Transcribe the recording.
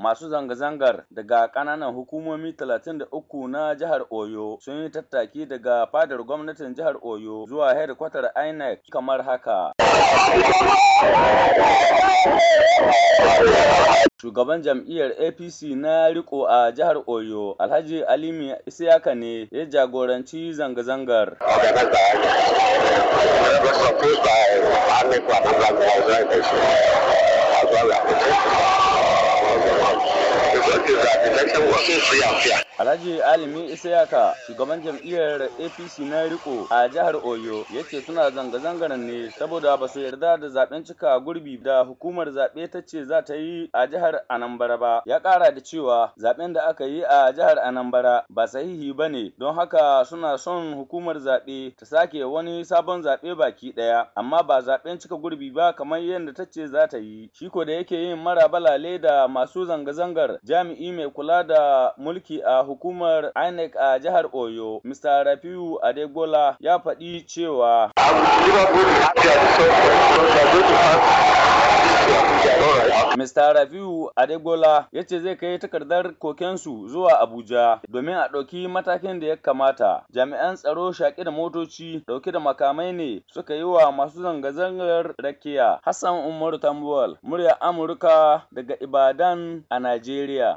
masu zanga-zangar daga kananan hukumomi 33 na jihar Oyo sun yi tattaki daga fadar gwamnatin jihar Oyo zuwa hedkwatar INEC kamar haka. Shugaban jam'iyyar APC na riko a jihar Oyo, Alhaji Alimi Isiyaka ne ya jagoranci zanga-zangar. Alhaji Alimi Isayaka, shugaban jam'iyyar APC na riko a jihar Oyo, ya ce suna zanga-zangar ne saboda ba su yarda da zaben cika gurbi da hukumar zaɓe ta ce za ta yi a jihar Anambra ba. Ya ƙara da cewa zaben da aka yi a jihar Anambra ba sahihi ba ne, don haka suna son hukumar zaɓe ta sake wani sabon zaɓe baki ɗaya, amma ba zaben cika gurbi ba kamar yadda ta ce za ta yi. Shi ko da yake yin mara balale da masu zanga-zangar jami'i mai kula da mulki a hukumar INEC a jihar Oyo, Mr. Rafiu Adegbola ya faɗi cewa. Mr. Rafiu Adegbola ya ce zai kai takardar kokensu zuwa Abuja domin a ɗauki matakin da ya kamata. Jami'an tsaro shaƙi da motoci ɗauke da makamai ne suka yi wa masu zanga-zangar rakiya. Hassan Umaru Tambuwal, murya Amurka daga Ibadan a Najeriya.